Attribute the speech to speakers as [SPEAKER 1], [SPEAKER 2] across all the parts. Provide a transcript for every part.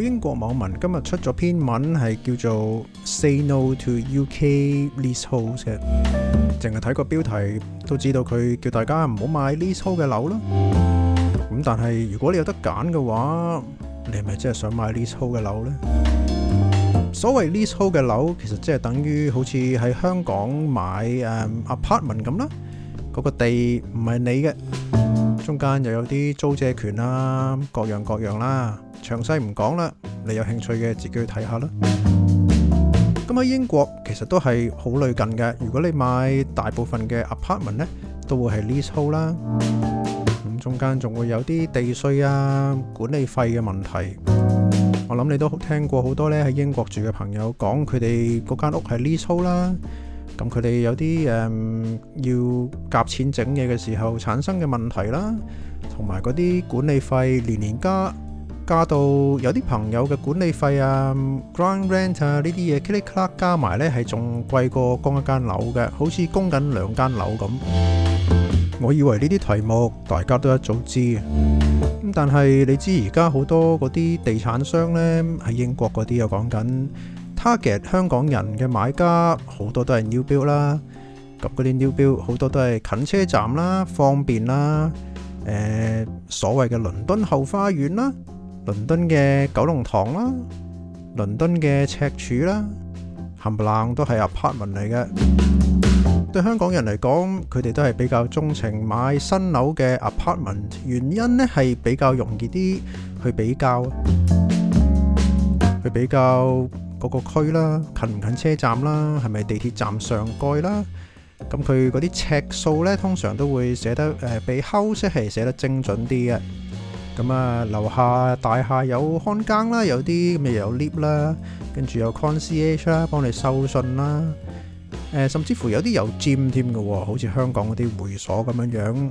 [SPEAKER 1] 英國網民今日出咗篇文，係叫做《Say No To UK Leasehold》嘅，淨係睇個標題都知道佢叫大家唔好買 leasehold 嘅樓啦。咁但係如果你有得揀嘅話，你係咪真係想買 leasehold 嘅樓呢？所謂 leasehold 嘅樓，其實即係等於好似喺香港買誒 apartment 咁啦，嗰個地唔係你嘅，中間又有啲租借權啦，各樣各樣啦。詳細唔講啦，你有興趣嘅自己去睇下啦。咁喺英國其實都係好類近嘅。如果你買大部分嘅 apartment 呢，都會係 leasehold 啦。咁中間仲會有啲地稅啊、管理費嘅問題。我諗你都聽過好多呢，喺英國住嘅朋友講佢哋嗰間屋係 leasehold 啦。咁佢哋有啲誒要夾錢整嘢嘅時候產生嘅問題啦，同埋嗰啲管理費年年加。加到有啲朋友嘅管理費啊、ground rent 啊呢啲嘢，click click 加埋呢，係仲貴過供一間樓嘅，好似供緊兩間樓咁。我以為呢啲題目大家都一早知啊，咁但係你知而家好多嗰啲地產商呢喺英國嗰啲又講緊 target 香港人嘅買家，好多都係 new build 啦，咁嗰啲 new build 好多都係近車站啦，方便啦，誒所謂嘅倫敦後花園啦。倫敦嘅九龍塘啦，倫敦嘅赤柱啦，冚唪唥都係 apartment 嚟嘅。對香港人嚟講，佢哋都係比較鍾情買新樓嘅 apartment，原因呢係比較容易啲去比較，去比較嗰個區啦，近唔近車站啦，係咪地鐵站上蓋啦？咁佢嗰啲尺數呢，通常都會寫得誒，比歐式係寫得精準啲嘅。咁啊，樓下大廈有看更啦，有啲咁又有 lift 啦，跟住有 concierge 幫你收信啦，誒，甚至乎有啲又 gym 添嘅喎，好似香港嗰啲會所咁樣樣。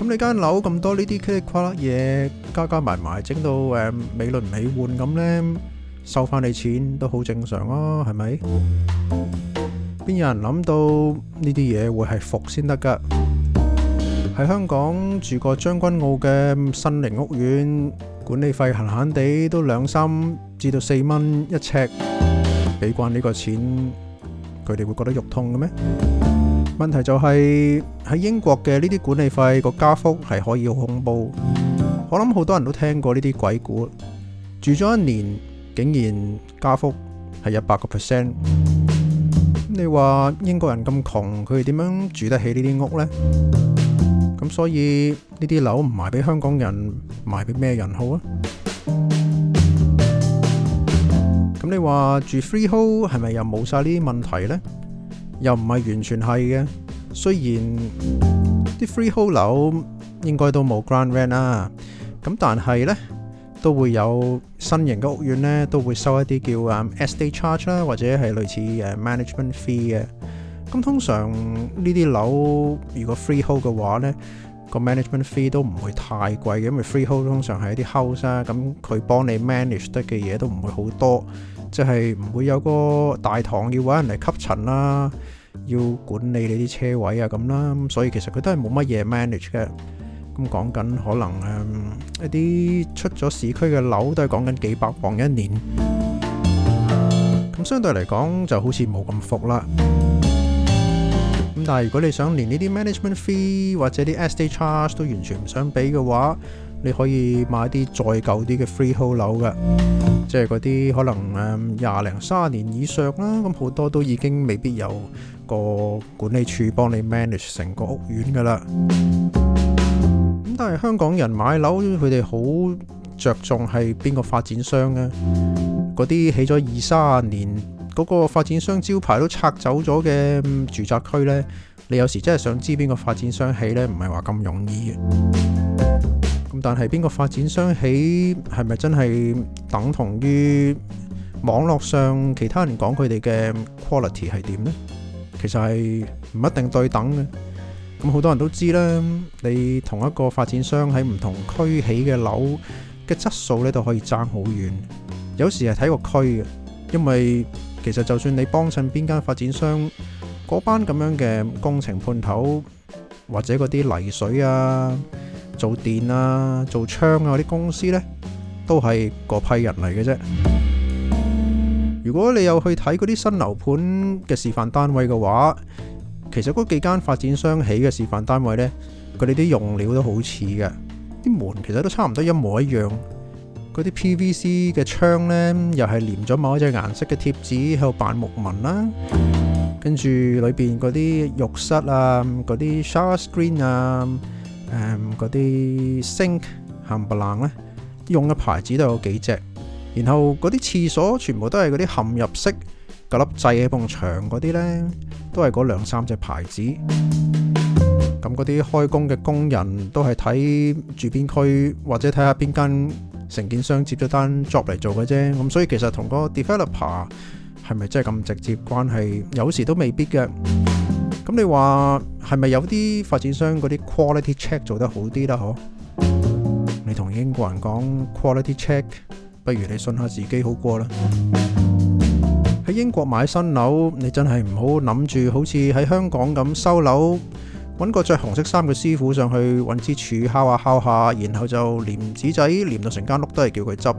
[SPEAKER 1] 咁你間樓咁多呢啲茄哩呱啦嘢加加埋埋，整到誒美輪美奐咁咧，收翻你錢都好正常啊，係咪？邊有人諗到呢啲嘢會係伏先得㗎？喺香港住過將軍澳嘅森林屋苑，管理費閒閒地都兩三至到四蚊一尺，俾慣呢個錢，佢哋會覺得肉痛嘅咩？問題就係、是、喺英國嘅呢啲管理費個加幅係可以好恐怖。我諗好多人都聽過呢啲鬼故，住咗一年竟然加幅係一百個 percent。你話英國人咁窮，佢哋點樣住得起呢啲屋呢？咁所以呢啲樓唔賣俾香港人，賣俾咩人好啊？咁你話住 freehold 係咪又冇晒呢啲問題咧？又唔係完全係嘅，雖然啲 freehold 樓應該都冇 ground rent 啦，咁但係咧都會有新型嘅屋苑咧都會收一啲叫啊 estate charge 啦，或者係類似 management fee 嘅。咁通常呢啲樓，如果 freehold 嘅話，呢個 management fee 都唔會太貴嘅，因為 freehold 通常係一啲 house 啊，咁佢幫你 manage 得嘅嘢都唔會好多，即係唔會有個大堂要揾人嚟吸塵啦，要管理你啲車位啊咁啦，咁所以其實佢都係冇乜嘢 manage 嘅。咁講緊可能誒一啲出咗市區嘅樓都係講緊幾百磅一年，咁相對嚟講就好似冇咁複啦。但係如果你想連呢啲 management fee 或者啲 SD charge 都完全唔想俾嘅話，你可以買啲再舊啲嘅 freehold 樓嘅，即係嗰啲可能誒廿零三十年以上啦，咁好多都已經未必有個管理處幫你 manage 成個屋苑噶啦。咁但係香港人買樓佢哋好着重係邊個發展商咧，嗰啲起咗二三十年。嗰個發展商招牌都拆走咗嘅住宅區呢，你有時真係想知邊個發展商起呢？唔係話咁容易嘅。咁但係邊個發展商起係咪真係等同於網絡上其他人講佢哋嘅 quality 係點呢？其實係唔一定對等嘅。咁好多人都知啦，你同一個發展商喺唔同區起嘅樓嘅質素呢，都可以爭好遠。有時係睇個區嘅，因為。其實就算你幫襯邊間發展商，嗰班咁樣嘅工程判頭，或者嗰啲泥水啊、做電啊、做窗啊嗰啲公司呢，都係嗰批人嚟嘅啫。如果你又去睇嗰啲新樓盤嘅示範單位嘅話，其實嗰幾間發展商起嘅示範單位呢，佢哋啲用料都好似嘅，啲門其實都差唔多一模一樣。嗰啲 PVC 嘅窗呢，又係粘咗某一隻顏色嘅貼紙喺度扮木紋啦。跟住裏邊嗰啲浴室啊，嗰啲 shower screen 啊，嗰、嗯、啲 sink 冚唪唥呢，用嘅牌子都有幾隻。然後嗰啲廁所全部都係嗰啲嵌入式嗰粒掣喺埲牆嗰啲呢，都係嗰兩三隻牌子。咁嗰啲開工嘅工人，都係睇住邊區，或者睇下邊間。承建商接咗單 job 嚟做嘅啫，咁所以其實同個 developer 係咪真係咁直接關係？有時都未必嘅。咁你話係咪有啲發展商嗰啲 quality check 做得好啲啦？嗬，你同英國人講 quality check，不如你信下自己好過啦。喺英國買新樓，你真係唔好諗住好似喺香港咁收樓。揾個着紅色衫嘅師傅上去揾支柱敲下敲下，然後就粘紙仔粘到成間屋都係，叫佢執。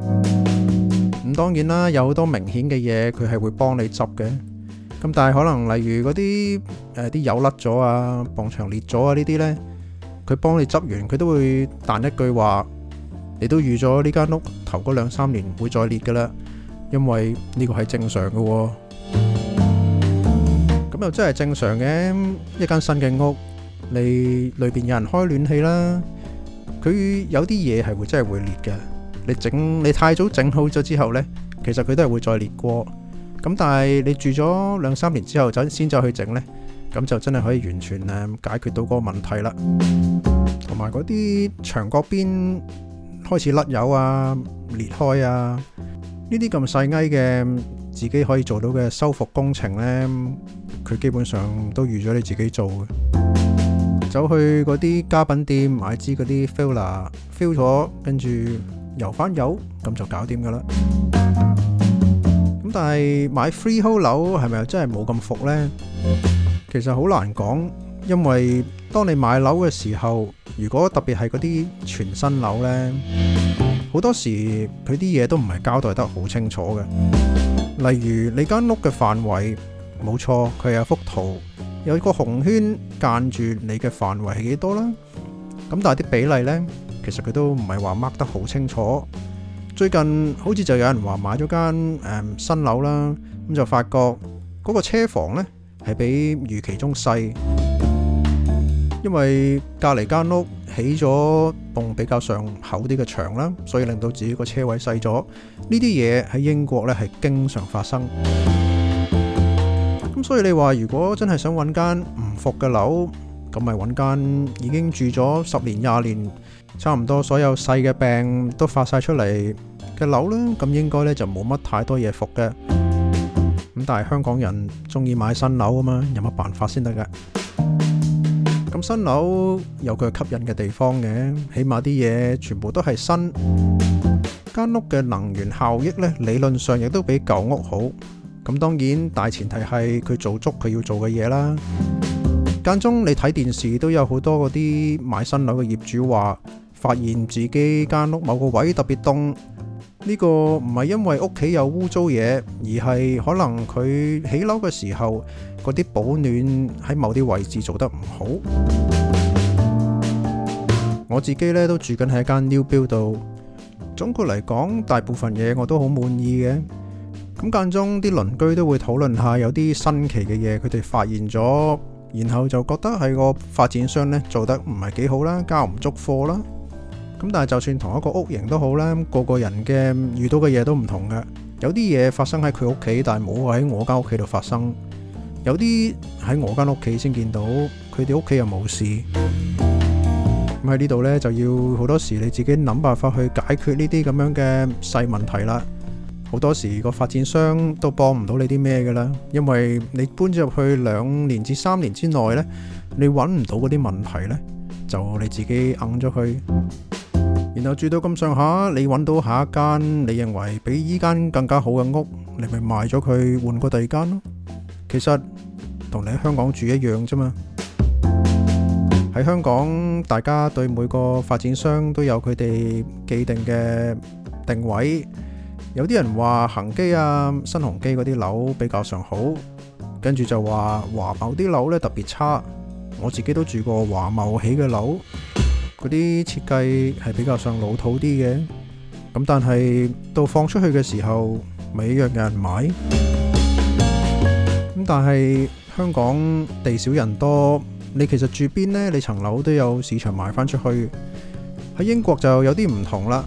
[SPEAKER 1] 咁、嗯、當然啦，有好多明顯嘅嘢，佢係會幫你執嘅。咁但係可能例如嗰啲誒啲油甩咗啊，埲牆裂咗啊呢啲呢，佢幫你執完，佢都會彈一句話：你都預咗呢間屋頭嗰兩三年唔會再裂㗎啦，因為呢個係正常嘅喎、哦。咁又真係正常嘅一間新嘅屋。你裏邊有人開暖氣啦，佢有啲嘢係會真係會裂嘅。你整你太早整好咗之後呢，其實佢都係會再裂過。咁但係你住咗兩三年之後就先再去整呢，咁就真係可以完全誒解決到嗰個問題啦。同埋嗰啲牆角邊開始甩油啊、裂開啊呢啲咁細埃嘅，自己可以做到嘅修復工程呢，佢基本上都預咗你自己做嘅。走去嗰啲家品店買支嗰啲 filler fill 咗，跟住油翻油，咁就搞掂㗎喇。咁但係買 freehold 樓係咪真係冇咁伏呢？其實好難講，因為當你買樓嘅時候，如果特別係嗰啲全新樓呢，好多時佢啲嘢都唔係交代得好清楚嘅。例如你間屋嘅範圍冇錯，佢係有幅圖。有個紅圈間住你嘅範圍係幾多啦？咁但係啲比例呢，其實佢都唔係話掹得好清楚。最近好似就有人話買咗間誒、嗯、新樓啦，咁就發覺嗰個車房呢係比預期中細，因為隔離間屋起咗棟比較上厚啲嘅牆啦，所以令到自己個車位細咗。呢啲嘢喺英國呢係經常發生。所以你話，如果真係想揾間唔伏嘅樓，咁咪揾間已經住咗十年、廿年，差唔多所有細嘅病都發晒出嚟嘅樓啦。咁應該呢就冇乜太多嘢伏嘅。咁但係香港人中意買新樓啊嘛，有乜辦法先得㗎？咁新樓有佢吸引嘅地方嘅，起碼啲嘢全部都係新。間屋嘅能源效益呢，理論上亦都比舊屋好。咁當然，大前提係佢做足佢要做嘅嘢啦。間中你睇電視都有好多嗰啲買新樓嘅業主話，發現自己間屋某個位特別凍，呢個唔係因為屋企有污糟嘢，而係可能佢起樓嘅時候嗰啲保暖喺某啲位置做得唔好。我自己呢都住緊喺一間 new build 度，總括嚟講，大部分嘢我都好滿意嘅。咁間中啲鄰居都會討論下有啲新奇嘅嘢，佢哋發現咗，然後就覺得係個發展商呢做得唔係幾好啦，交唔足貨啦。咁但係就算同一個屋型都好啦，個個人嘅遇到嘅嘢都唔同嘅，有啲嘢發生喺佢屋企，但係冇喺我間屋企度發生；有啲喺我間屋企先見到，佢哋屋企又冇事。咁喺呢度呢，就要好多時你自己諗辦法去解決呢啲咁樣嘅細問題啦。好多時個發展商都幫唔到你啲咩嘅啦，因為你搬咗入去兩年至三年之內呢，你揾唔到嗰啲問題呢，就你自己硬咗佢，然後住到咁上下，你揾到下一間你認為比依間更加好嘅屋，你咪賣咗佢換個第二間咯。其實同你喺香港住一樣啫嘛。喺香港大家對每個發展商都有佢哋既定嘅定位。有啲人話恒基啊、新鴻基嗰啲樓比較上好，跟住就話華懋啲樓呢特別差。我自己都住過華懋起嘅樓，嗰啲設計係比較上老土啲嘅。咁但係到放出去嘅時候，咪一樣有人買。咁但係香港地少人多，你其實住邊呢？你層樓都有市場賣翻出去。喺英國就有啲唔同啦。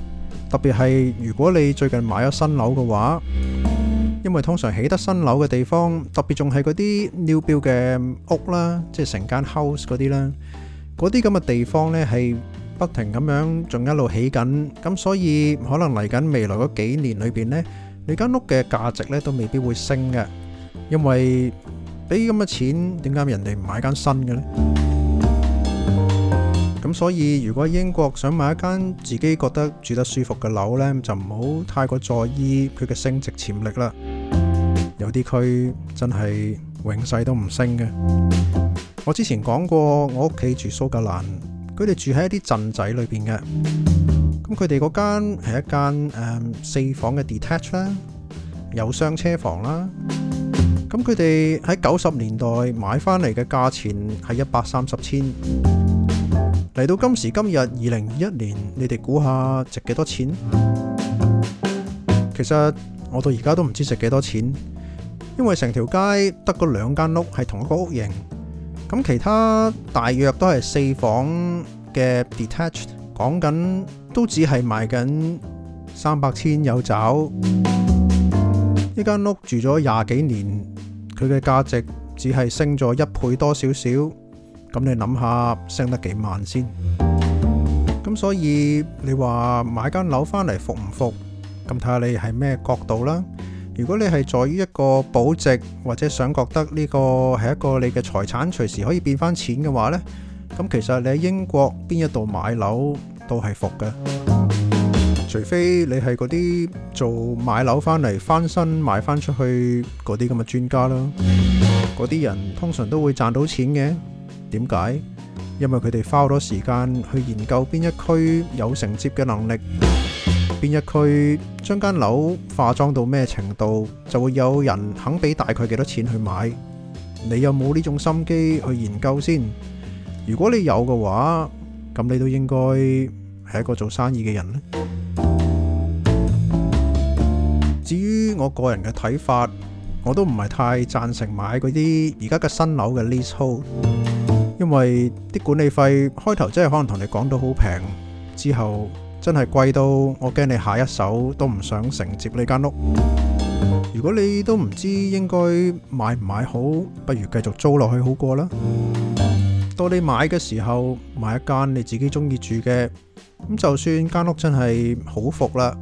[SPEAKER 1] 特別係如果你最近買咗新樓嘅話，因為通常起得新樓嘅地方，特別仲係嗰啲 new build 嘅屋啦，即係成間 house 嗰啲啦，嗰啲咁嘅地方呢係不停咁樣仲一路起緊，咁所以可能嚟緊未來嗰幾年裏邊呢，你間屋嘅價值呢都未必會升嘅，因為俾咁嘅錢，點解人哋唔買間新嘅呢？咁所以，如果英國想買一間自己覺得住得舒服嘅樓呢，就唔好太過在意佢嘅升值潛力啦。有啲區真係永世都唔升嘅。我之前講過，我屋企住在蘇格蘭，佢哋住喺一啲鎮仔裏邊嘅。咁佢哋嗰間係一間誒、呃、四房嘅 detached 啦，有雙車房啦。咁佢哋喺九十年代買翻嚟嘅價錢係一百三十千。嚟到今時今日，二零二一年，你哋估下值幾多少錢？其實我到而家都唔知道值幾多少錢，因為成條街得個兩間屋係同一個屋型，咁其他大約都係四房嘅 detached，講緊都只係賣緊三百千有找。呢間屋住咗廿幾年，佢嘅價值只係升咗一倍多少少。咁你諗下升得幾慢先？咁所以你話買間樓返嚟伏唔伏？咁睇下你係咩角度啦。如果你係在於一個保值，或者想覺得呢個係一個你嘅財產隨時可以變翻錢嘅話呢，咁其實你喺英國邊一度買樓都係伏嘅，除非你係嗰啲做買樓返嚟翻新賣翻出去嗰啲咁嘅專家啦，嗰啲人通常都會賺到錢嘅。點解？因為佢哋花好多時間去研究邊一區有承接嘅能力，邊一區將間樓化妝到咩程度，就會有人肯俾大概幾多錢去買。你有冇呢種心機去研究先？如果你有嘅話，咁你都應該係一個做生意嘅人咧。至於我個人嘅睇法，我都唔係太贊成買嗰啲而家嘅新樓嘅 leasehold。因為啲管理費開頭真係可能同你講到好平，之後真係貴到我驚你下一手都唔想承接呢間屋。如果你都唔知應該買唔買好，不如繼續租落去好過啦。到你買嘅時候買一間你自己中意住嘅，咁就算間屋真係好伏啦，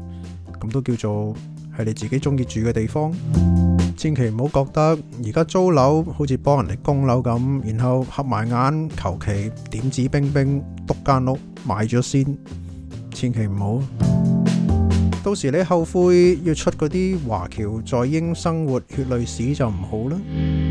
[SPEAKER 1] 咁都叫做係你自己中意住嘅地方。千祈唔好覺得而家租樓好似幫人哋供樓咁，然後合埋眼求其點指兵兵篤間屋買咗先，千祈唔好，到時你後悔要出嗰啲華僑在英生活血淚史就唔好啦，啊。